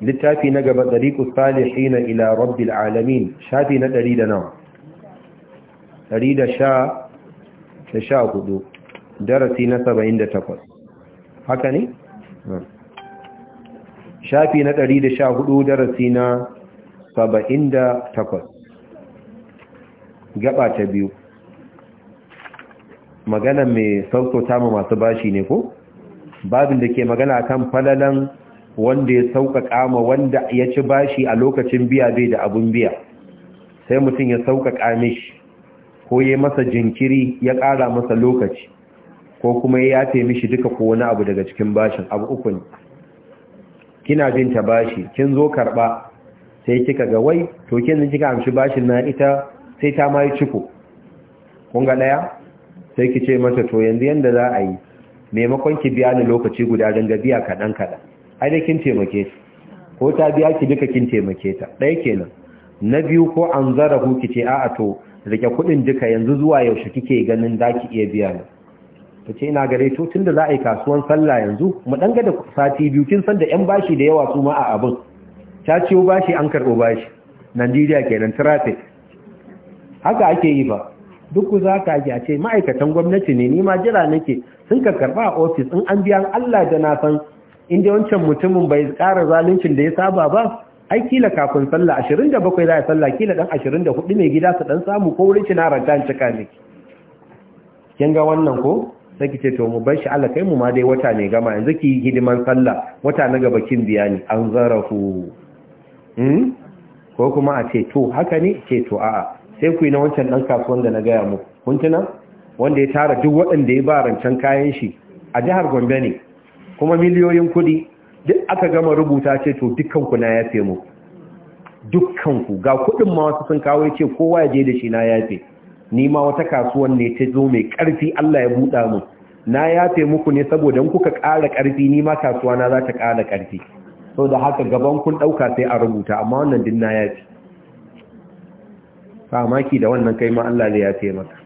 littafi na gaba dariqus salihin ila rabbi al’alamin shafi na ɗari da nawa da sha hudu darasi na saba'in da takwas, haka ne shafi na da sha hudu darasi na saba'in da takwas, gaba ta biyu magana mai sauƙo tamu masu bashi ne ko babin da ke magana akan falalan wanda ya sauƙaƙa ma wanda ya ci bashi a lokacin biya bai da abun biya sai mutum ya sauƙaƙa mishi ko ya masa jinkiri ya ƙara masa lokaci ko kuma ya yafe mishi duka ko wani abu daga cikin bashin abu uku ne kina jin ta bashi kin zo karɓa sai kika ga wai to kin kika amshi bashin na ita sai ta mai ciko kun ga daya sai kice ce mata to yanzu yanda za a yi maimakon ki biya ni lokaci guda dan ga biya kadan kadan ai kin taimake shi ko ta biya ki duka kin taimake ta ɗaya kenan na biyu ko an zara ku ki ce a'a to rike kuɗin duka yanzu zuwa yaushe kike ganin za ki iya biya ni ta ce ina gare to tunda za a yi kasuwan sallah yanzu mu ɗan ga da sati biyu kin san da yan bashi da yawa su a abin ta ciwo bashi an karɓo bashi Najeriya kenan traffic haka ake yi ba duk ku za ka ce ma'aikatan gwamnati ne ni ma jira nake sun ka a ofis in an biya Allah da na san inda wancan mutumin bai ƙara zaluncin da ya saba ba ai kila kafin sallah ashirin da bakwai za a sallah kila dan hudu mai gida su dan samu ko wurin cina an cika ne kin ga wannan ko sai ce to mu bar shi Allah kai mu ma dai wata ne gama yanzu ki hidiman sallah wata na gaba kin biya ni an zarafu hmm ko kuma a ce to haka ne ce to a'a sai ku yi na wancan ɗan kasuwan da na gaya muku kun tuna wanda ya tara duk waɗanda ya ba rancen kayan shi a jihar Gombe ne kuma miliyoyin kudi duk aka gama rubuta ce to dukkanku na yafe mu dukkanku ga kudin ma wasu sun kawo ce kowa ya je da shi na yafe ni ma wata kasuwan ne ta zo mai karfi Allah ya buɗa mu na yafe muku ne saboda in kuka ƙara karfi ni ma kasuwa na za ta ƙara karfi sau da haka gaban kun ɗauka sai a rubuta amma wannan din na yafe maki da wannan kai ma Allah zai yafe maka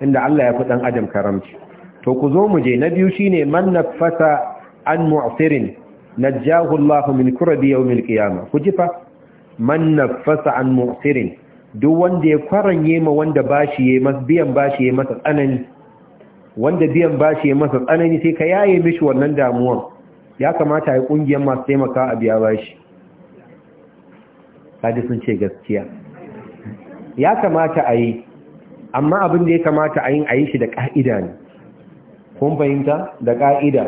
inda Allah ya fi ɗan adam karamci to ku zo mu je na biyu shine man nafasa an mu'sirin najahu Allah min kurbi yawmil qiyamah ku ji fa man nafasa an mu'sirin duk wanda ya kwaranye ma wanda bashi ya mas biyan bashi ya masa tsanani wanda biyan bashi ya masa tsanani sai ka yaye mishi wannan damuwan ya kamata ya kungiyar masu taimaka a biya bashi kaji sun ce gaskiya ya kamata a yi amma abin da ya kamata a yin a yi shi da ƙa'ida ne kun fahimta da ƙa'ida.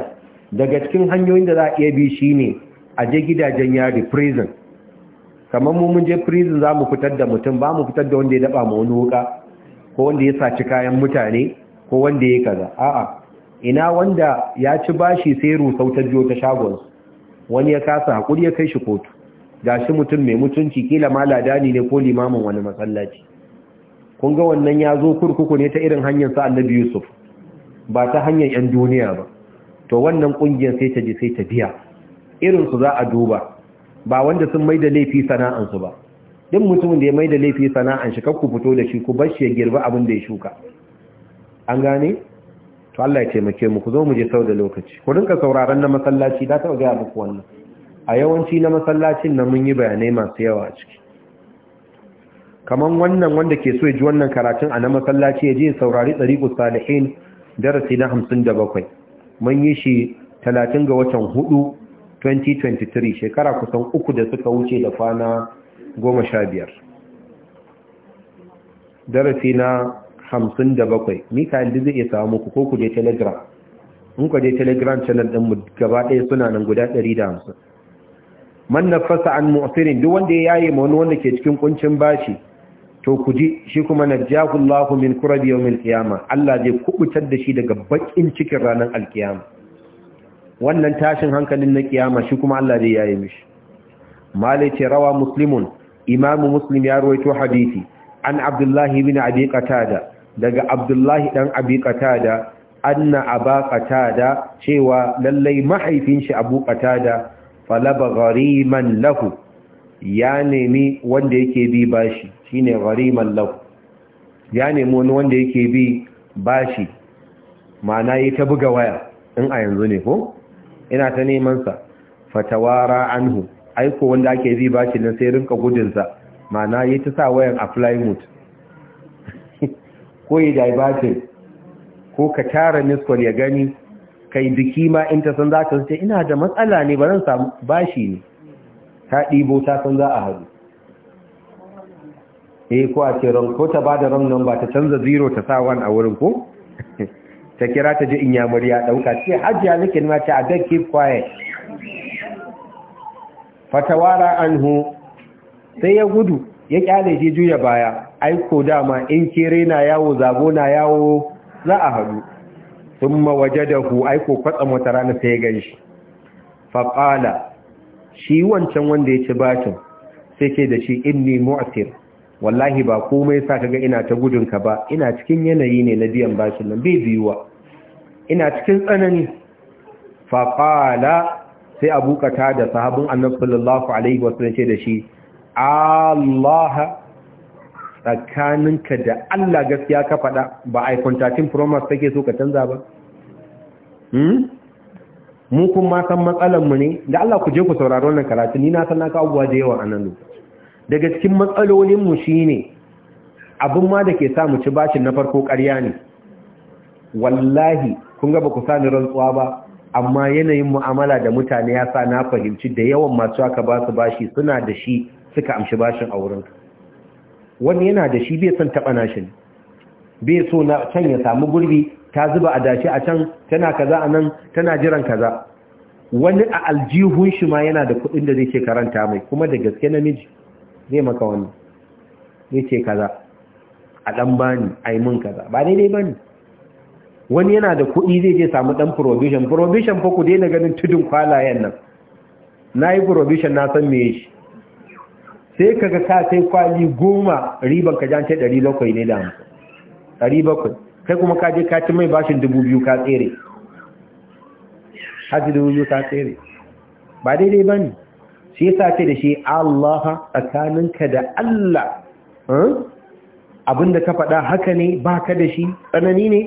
daga cikin hanyoyin da za a iya bi shi ne a je gidajen yari prison kamar mu mun je prison za mu fitar da mutum ba mu fitar da wanda ya daba ma wani wuka ko wanda ya saci kayan mutane ko wanda ya kaza a'a ina wanda ya ci bashi sai rusau ta biyo ta shagon wani ya kasa haƙuri ya kai shi kotu shi mutum mai mutunci kila ma ladani ne ko limamin wani masallaci kun ga wannan ya zo kurkuku ne ta irin hanyar sa annabi yusuf ba ta hanyar 'yan duniya ba to wannan ƙungiyar sai ta ji sai ta biya irinsu za a duba ba wanda sun mai da laifi sana'ansu ba din mutumin da ya mai da laifi sana'an shi kakku fito da shi ku bar shi ya girba abin da ya shuka an gane to Allah ya taimake mu ku zo mu je sau da lokaci ku rinka sauraron na masallaci da ta ga muku wannan a yawanci na masallacin na mun yi bayanai masu yawa a ciki Kamar wannan wanda ke so ya ji wannan karatun a na masallaci ya je saurari ku salihin darasi na hamsin da bakwai mun yi shi talatin ga watan hudu 2023 shekara kusan uku da suka wuce da kwana goma sha biyar darasi na hamsin da bakwai mikael da zai iya samu ku ko ku je telegram in ku je telegram channel ɗinmu gaba ɗaya suna nan guda ɗari da hamsin man nafasa an mu'asirin duk wanda ya yaye ma wani wanda ke cikin kuncin bashi to ku ji shi kuma najjahu Allahu min kurabi yawmil kiyama, Allah zai kubutar da shi daga bakin cikin ranar alkiyama wannan tashin hankalin na kiyama shi kuma Allah zai yaye mishi malaiti rawa muslimun imamu muslim ya rawaito hadisi an abdullahi bin abi qatada daga abdullahi dan abi qatada anna aba qatada cewa lallai mahaifin shi abu qatada falaba ghariman lahu ya nemi wanda yake bi bashi shine ghariman lahu ya nemi wani wanda yake bi bashi ma'ana yi ta buga waya in a yanzu ne ko ina ta neman sa fatawara anhu aiko wanda ake bi bashi na sai rinka gudun sa ma'ana yi ta sa wayan a plymouth ko yi diverting ko ka tara miskol ya gani kai biki ma in ta san za ta ina da matsala ne bari samu bashi ne Ka ɗibo ta san za a haɗu eh ko a ce ko ta ba da ran nan ba ta canza zero ta sa wan a wurin ko ta kira ta ji in ya murya ɗauka ce hajjiya nake ma ce a don keep quiet fatawara hu sai ya gudu ya kyale shi juya baya aiko dama in kere na yawo zago na yawo za a haɗu sun mawaje da hu aiko kwatsa wata rana sai ya gan shi faƙala shi wancan wanda ya ci bashin sai ce da shi inni mu'asir wallahi ba komai sa kaga ina ta gudunka ba ina cikin yanayi ne na biyan bashin nan bai biyuwa ina cikin tsanani Fafala, sai abu kata da sahabin annabi sallallahu alaihi wasallam ce da shi Allah tsakaninka da Allah gaskiya ka faɗa ba a kwantatin promise take so ka canza ba? Hmm? mu kuma san matsalan mu ne da Allah ku je ku saurari wannan karatu ni na san da yawa a nan daga cikin matsalolin mu shine Abun ma da ke sa mu ci bashin na farko ƙarya ne wallahi kun ga ba ku sani rantsuwa ba amma yanayin mu'amala da mutane ya sa na fahimci da yawan masu aka ba su bashi suna da shi suka amshi bashin a wurin wani yana da shi bai son taɓa nashin bai so na can ya samu gurbi ta zuba adashi a can tana kaza a nan tana jiran kaza wani a aljihun shi ma yana da kuɗin da zai karanta mai kuma da gaske namiji zai maka wani zai ce kaza a ɗan bani a yi mun kaza ba daidai ba ne wani yana da kuɗi zai je samu ɗan provision provision fa ku daina ganin tudun kwalayen nan na yi provision na san meye shi sai kaga ka sai kwali goma riban ka jance ɗari bakwai ne da hamsin ɗari bakwai kai kuma ka je mai bashin dubu biyu ka tsere haji dubu biyu ka tsere ba daidai ba ne shi ya ce da shi Allah tsakaninka da Allah eh, abinda ka faɗa haka ne ba ka da shi tsanani ne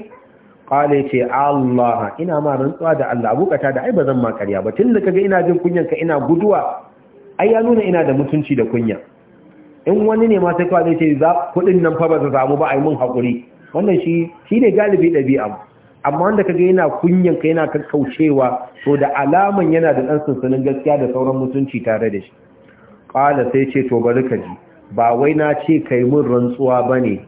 ƙwale ce Allah ina ma rantsuwa da Allah abokata da ai ba zan makariya ba tun da kaga ina jin kunyanka ina guduwa ai ya nuna ina da mutunci da kunya in wani ne ma sai kawai ce za kuɗin nan fa ba su samu ba a yi mun haƙuri wannan shi shi ne galibi ɗabi'a amma wanda ga yana kunyan ka yana kakkaucewa to da alaman yana da ɗan sansanin gaskiya da sauran mutunci tare da shi ƙala sai ce to bari ka ji ba wai na ce ka yi mun rantsuwa ba ne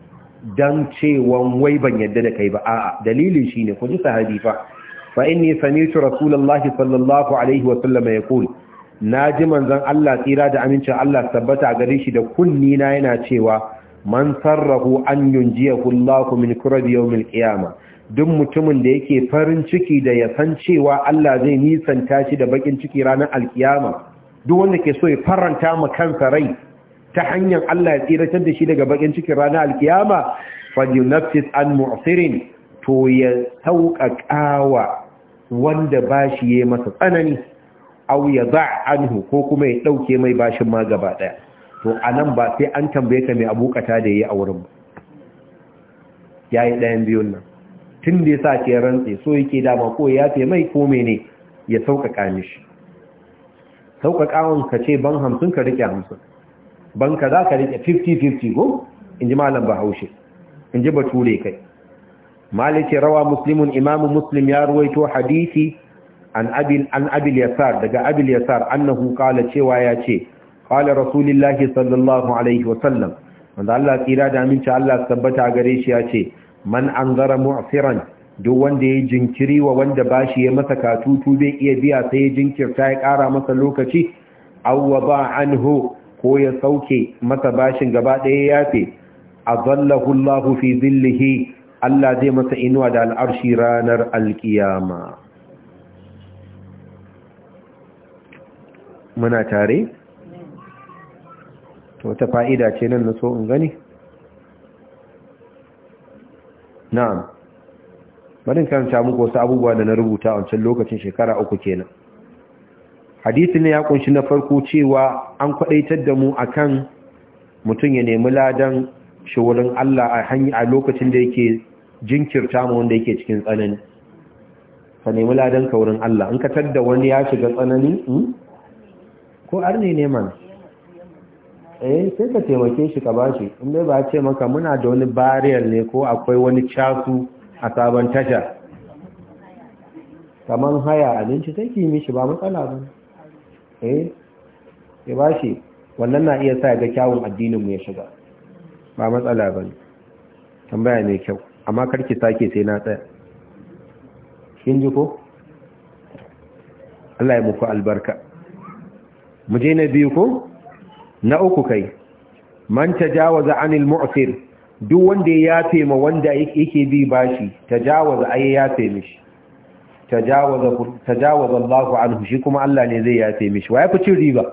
don cewan wai ban yadda da kai ba a'a dalilin shi ne ku ji sahabi fa fa inni sami'tu rasulullahi sallallahu alaihi wa sallam yaqul na ji manzon Allah tsira da amincin Allah tabbata gare shi da kunni na yana cewa man sarrahu an yunjiyahu Allahu min kurbi yawmil qiyamah duk mutumin da yake farin ciki da ya san cewa Allah zai nisanta shi da bakin ciki ranar alkiyama duk wanda ke so ya faranta ma kansa rai ta hanyar Allah ya tsiratar da shi daga bakin ciki ranar alkiyama falyunaffis an mu'sirin to ya sauƙaƙawa wanda ba bashi yayi masa tsanani aw ya anhu ko kuma ya ɗauke mai bashin ma gaba ɗaya. to a nan ba sai an tambaye ka mai abokata da ya yi a wurin ba ya yi ɗayan biyun nan tun da ya sa ce rantse so yake dama ko ya fi mai ko mene ya sauƙaƙa mishi sauƙaƙawan ka ce ban hamsin ka riƙe hamsin ban ka za ka riƙe 50-50 go in ji malam bahaushe in ji bature kai malice rawa muslimun imamu muslim ya ruwaito hadisi an abil an abil yasar daga abil yasar annahu kala cewa ya ce qala rasulullahi sallallahu alaihi wasallam wanda Allah tsira da aminci Allah tabbata gare shi ya ce man anzara mu'siran duk wanda ya jinkiri wa wanda bashi ya masa katutu bai iya biya sai ya jinkirta ya kara masa lokaci aw wada anhu ko ya sauke masa bashin gaba ɗaya yafe azallahu Allahu fi zillihi Allah zai masa inuwa da al'arshi ranar alkiyama muna tare wata fa'ida ce nan na so in gani na'am barin karanta muku wasu abubuwa da na rubuta a wancan lokacin shekara uku kenan hadisi ne ya kunshi na farko cewa an kwadaitar da mu akan mutum ya nemi ladan shi wurin Allah a hanyar a lokacin da yake jinkirta mu wanda yake cikin tsanani ka nemi ladan ka Allah in ka tadda wani ya shiga tsanani hmm? ko arne ne mana eh sai ka taimake shi ka bashi in bai ba ce maka muna da wani bariyar ne ko akwai wani casu a sabon tasha kamar haya abinci sai ki mishi ba matsala ba eh ya bashi wannan na iya sa ga kyawun addinin mu ya shiga ba matsala ba tambaya mai kyau amma karki sake sai na tsaya kin ji ko Allah ya muku albarka mu je na biyu ko na uku kai man tajawaza anil mu'sir duk wanda ya yafe ma wanda yake bi bashi tajawaza ai yafe mishi tajawaza tajawaza Allahu anhu shi kuma Allah ne zai yafe mishi wa yafi cin riba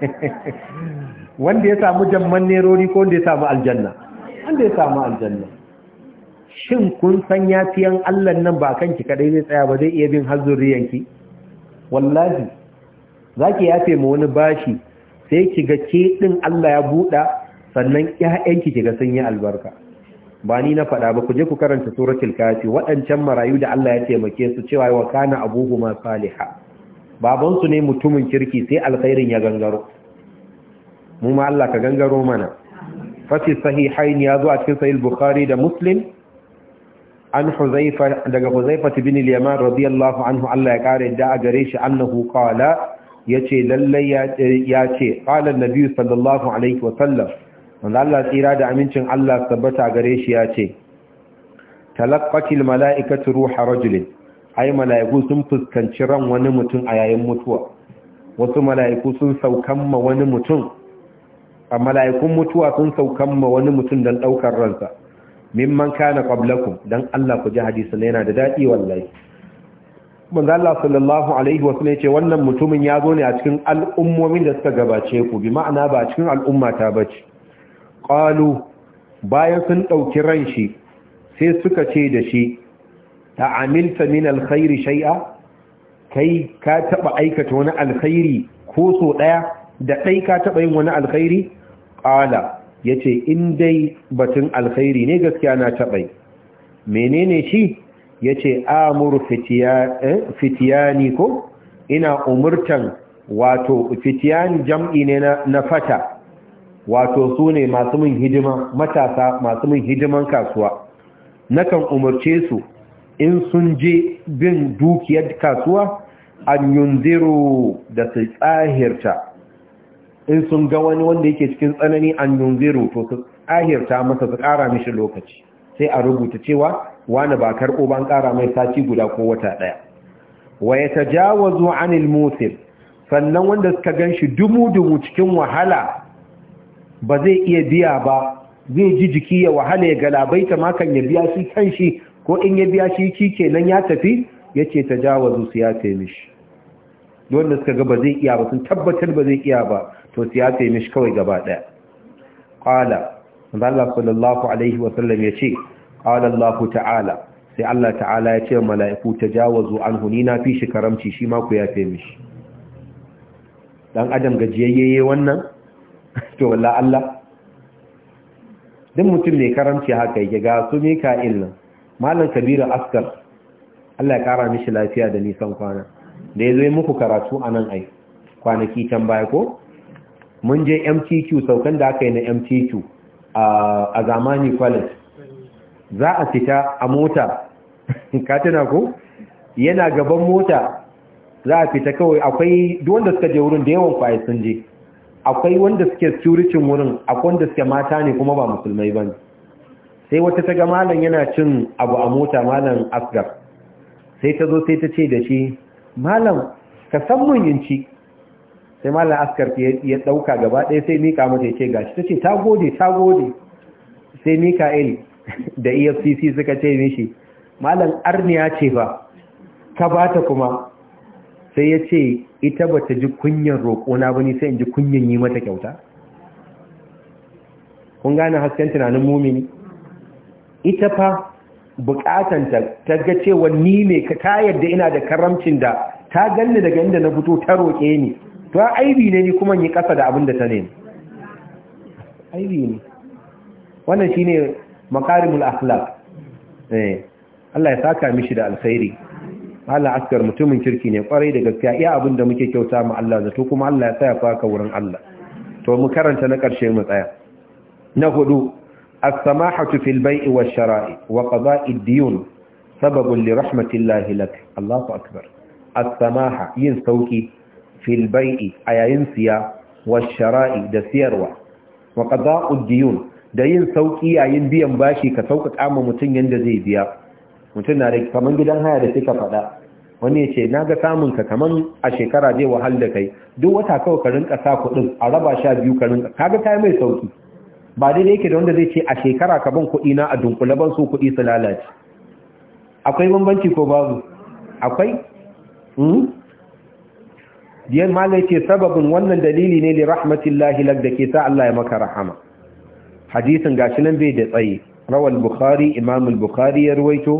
wanda ya samu jamman rori ko wanda ya samu aljanna wanda ya samu aljanna shin kun san yafiyan Allah nan ba kanki kadai zai tsaya ba zai iya bin hazzuriyanki wallahi zaki yafe ma wani bashi sai ki ga ke din Allah ya buɗa sannan ƴaƴanki ki ga sun yi albarka ba ni na faɗa ba ku je ku karanta suratul kafi waɗancan marayu da Allah ya taimake su cewa wa kana abuhuma saliha baban su ne mutumin kirki sai alkhairin ya gangaro mu ma Allah ka gangaro mana fasi sahihain ya zo a cikin sahih bukhari da muslim an huzaifa daga huzaifa bin al-yaman radiyallahu anhu Allah ya kare da a gare shi annahu qala Ya ce lallai ya ce ƙalar an-nabi sallallahu alaihi wasallam wanda Allah tsira da amincin Allah sabbata gare shi ya ce talaqqatil mala'ikatu ruha rajulin ai mala'iku sun fuskanci ran wani mutum a yayin mutuwa wasu mala'iku sun saukan ma wani mutum a mala'ikun mutuwa sun saukan ma wani mutum don ɗaukar ransa mimman kana ƙwablakun don Allah ku ji hadisi yana da daɗi wallahi manzo sallallahu alaihi wannan mutumin ya zo ne a cikin al'ummomin da suka gabace ku bi ma'ana ba a cikin al'umma ta bace qalu bayan sun dauki ran shi sai suka ce da shi ta amilta min alkhairi shay'a kai ka taba aikata wani alkhairi ko so daya da kai ka taba yin wani alkhairi qala yace in dai batun alkhairi ne gaskiya na taba menene shi Ya ce amur eh, fitiyani ko ina umurtan wato fitiyani jam'i ne na fata wato su ne masu min hidima matasa masu min hidiman kasuwa nakan umarce su in sun je bin dukiyar kasuwa an yunziru da su tsahirta in sun ga wani wanda yake cikin tsanani an yunziru to su tsahirta masa su ƙara mishi lokaci sai a rubuta cewa wani ba karɓo ban ƙara mai sati guda ko wata ɗaya wa ya tajawazu anil musir sannan wanda suka gan shi dumu-dumu cikin wahala ba zai iya biya ba zai ji jiki ya wahala ya ta makan ya biya shi kan shi ko in ya biya shi ki nan ya tafi ya ce tajawazu su ya taimishi wanda suka ga ba iya ba sun tabbatar ba zai iya ba to su ya kawai gaba ɗaya Allah sallallahu alaihi wasallam ya ce qala Allah ta'ala sai Allah ta'ala ya ce mala'iku tajawazu anhu ni na fi shi karamci shi ma ku fi mishi dan adam gajiyayye wannan to wallahi Allah duk mutum ne karamci haka yake ga su Mika'il nan malam Kabiru Askar Allah ya kara mishi lafiya da nisan kwana da yazo yi muku karatu anan ai kwanaki can baya ko mun je MTQ saukan da aka yi na MTQ a zamani college za a fita a mota katina ku? yana gaban mota za a fita kawai akwai wanda suka je wurin da yawan kwaye sun je akwai wanda suke securitin wurin akwai wanda suke mata ne kuma ba musulmai ba sai wata ta ga malam yana cin abu a mota malam asgar sai ta zo sai ta ce da shi malam ka san mun yin ci sai Mallam askar ya dauka gaba ɗaya sai mika mata ya ce gashi ta ce ta gode ta gode sai mika'il da efcc suka ce mishi malam arniya ce ba ka ba ta kuma sai ya ce ita ba ta ji kunyan roƙona ba ni sai in ji kunyan yi mata kyauta kun gane hasken tunanin mumini ita fa bukatanta ta ga cewa ni ne ta yadda ina da karamcin da ta ganni daga inda na fito ta roƙe ni to aibi ne ni kuma yi kasa da abin da ta nemi aibi ne wannan shine makarimul akhlaq eh Allah ya saka mishi da alkhairi Allah askar mutumin kirki ne kwarai da gaskiya iya abin da muke kyauta ma Allah zato kuma Allah ya tsaya faka wurin Allah to mu karanta na karshe mu tsaya na hudu as-samahatu fil bai'i wash shara'i wa qada'i ad-diyun sababun li rahmatillahi lak Allahu akbar as-samaha yin sauki Filba'i, a yayin siya wa shara'i da siyarwa wa qada'u diyun da yin sauki yayin biyan bashi ka sauƙaƙa ma mutum yadda zai biya mutum na da kaman gidan haya da kika faɗa wani ya ce na ga samun ka kaman a shekara zai wahal da kai duk wata kawai ka rinka sa kuɗin a raba sha biyu ka rinka ga ta mai sauki ba dai-dai yake da wanda zai ce a shekara ka ban kuɗi na a dunkule ban su kuɗi su lalace akwai bambanci ko babu akwai hmm? diyan mala yace sababin wannan dalili ne li rahmatillahi lak da ke sa Allah ya maka rahama hadisin gashi nan bai da tsayi rawal bukhari imam al-bukhari ya ruwaito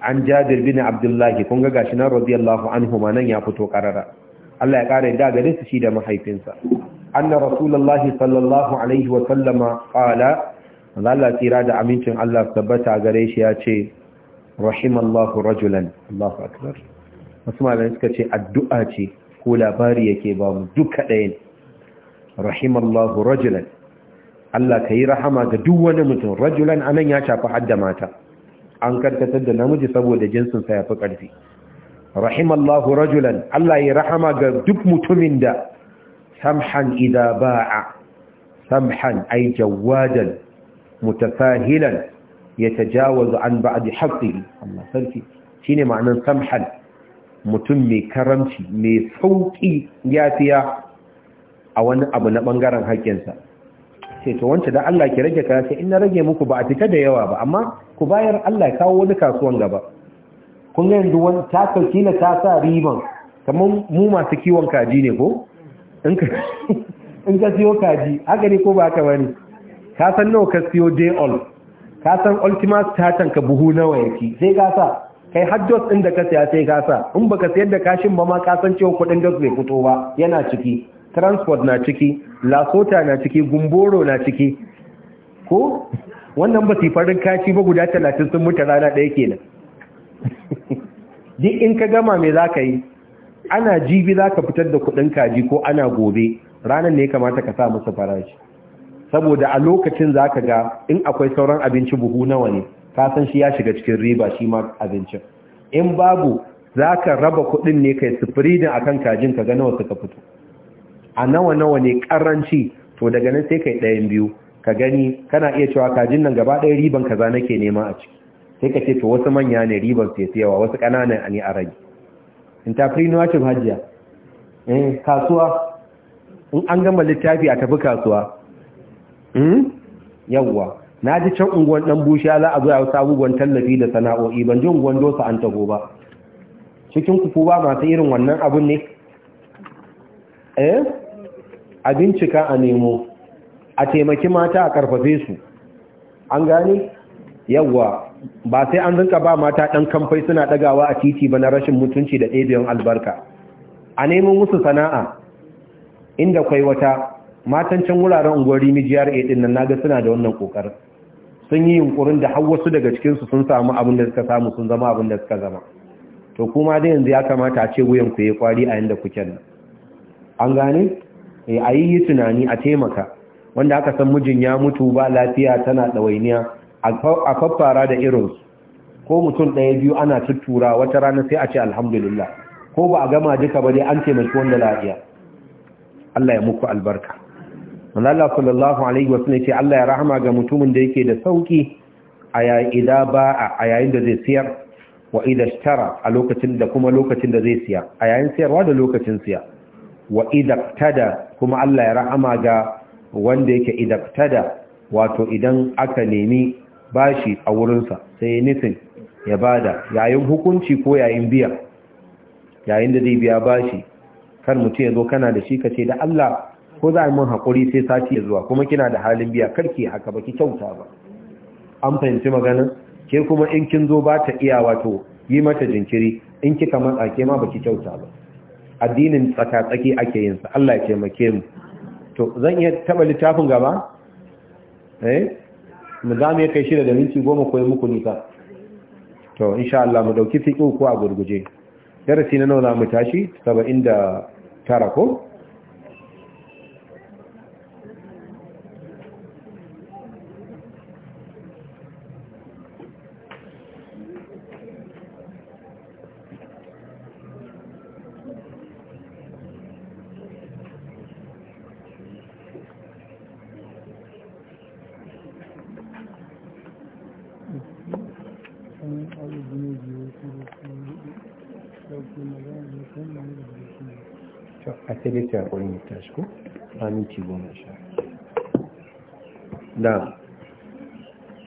an jabir bin abdullah kun ga gashi nan radiyallahu anhu ma nan ya fito karara Allah ya kare da gare su shi da mahaifinsa anna rasulullahi sallallahu alaihi wa sallama qala Allah tira da amincin Allah tabbata gare shi ya ce rahimallahu rajulan Allahu akbar wasu malamai suka ce addu'a ce ko labari yake ba mu duka ɗaya ne rahimallahu rajulan Allah ka yi rahama ga duk wani mutum rajulan anan ya shafi hadda mata an karkatar da namiji saboda jinsinsa ya fi ƙarfi rahimallahu rajulan Allah ya yi rahama ga duk mutumin da samhan idza ba'a samhan ai jawadan mutafahilan yatajawazu an ba'di haqqihi Allah sarki shine ma'anar samhan mutum mai karanci mai sauƙi fiya a wani abu na ɓangaren haƙƙinsa sai to wancan da Allah ki rage kaya sai in na rage muku ba a fita da yawa ba amma ku bayar Allah ya kawo wani kasuwan gaba kun ga yanzu wani ta sauki na ta sa riban kamar mu masu kiwon kaji ne ko in ka siyo kaji haka ne ko ba haka bane ka san nawa ka siyo day all ka san ultima startan ka buhu nawa yake sai ka sa kai har ɗin da ka saya sai ka sa in baka sayar da kashin ba ma ka san cewa kuɗin gas bai fito ba yana ciki transport na ciki lasota na ciki gumboro na ciki ko wannan ba farin kashi ba guda talatin sun mutu rana ɗaya kenan duk in ka gama me za ka yi ana jibi za ka fitar da kuɗin kaji ko ana gobe ranar ne kamata ka sa musu farashi saboda a lokacin za ka ga in akwai sauran abinci buhu nawa ne ka san shi ya shiga cikin riba shi ma abincin in babu za ka raba kuɗin ne kai sifiridin akan kajin ka ga nawa suka fito a nawa nawa ne karanci to daga nan sai kai ɗayan biyu ka gani kana iya cewa kajin nan gaba ɗaya riban kaza nake nema a ciki sai ka ce to wasu manya ne riban sai yawa wasu ƙananan ne a rage entrepreneurship hajjiya eh kasuwa in an gama littafi a tafi kasuwa hmm? yawwa na ji can unguwan dan bushiya za a zo a wasu tallafi da sana'o'i ban ji unguwan dosa an taho ba cikin kuku ba masu irin wannan abun ne eh a bincika a nemo a taimaki mata a karfafe su an gane yawwa ba sai an rinka ba mata ɗan kamfai suna ɗagawa a titi ba na rashin mutunci da ɗabiyan albarka a neman musu sana'a inda kwai wata matan can wuraren unguwar rimijiyar a ɗin nan naga suna da wannan ƙoƙarin sun yi yunkurin da har wasu daga cikinsu sun samu abin da suka samu sun zama abin da suka zama to kuma dai yanzu ya kamata a ce wuyan ku yi kwari a yadda kuke nan an gane eh, a yi tunani a taimaka wanda aka san mijin ya mutu ba lafiya tana ɗawainiya a faffara da irinsu ko mutum ɗaya biyu ana tuttura wata rana sai a ce alhamdulillah ko ba a gama duka ba dai an taimaki wanda lafiya Allah ya muku albarka Allah sallallahu alaihi wasallam ce Allah ya rahama ga mutumin da yake da sauki a yayin ba a yayin da zai siyar wa a lokacin da kuma lokacin da zai siya a yayin siyarwa da lokacin siya wa tada kuma Allah ya rahama ga wanda yake tada wato idan aka nemi bashi a wurinsa sai nufin ya bada yayin hukunci ko yayin biya yayin da zai biya bashi Kan mutum ya zo kana da shi ka ce da Allah ko za a yi mun haƙuri sai sati ya zuwa kuma kina da halin biya karki haka baki kyauta ba an fahimci magana. ke kuma in kin zo ba ta iya wato yi mata jinkiri in kika matsa ke ma baki kyauta ba addinin tsaka-tsaki ake yin sa Allah ya taimake mu to zan iya taba littafin gaba eh mu za mu kai shi da minti goma yi muku nisa to insha Allah mu dauki fiƙo ko a gurguje darasi na nawa mu tashi 79 ko sai ɗaya sai a ƙwarin ya tashi ko aminci goma sha da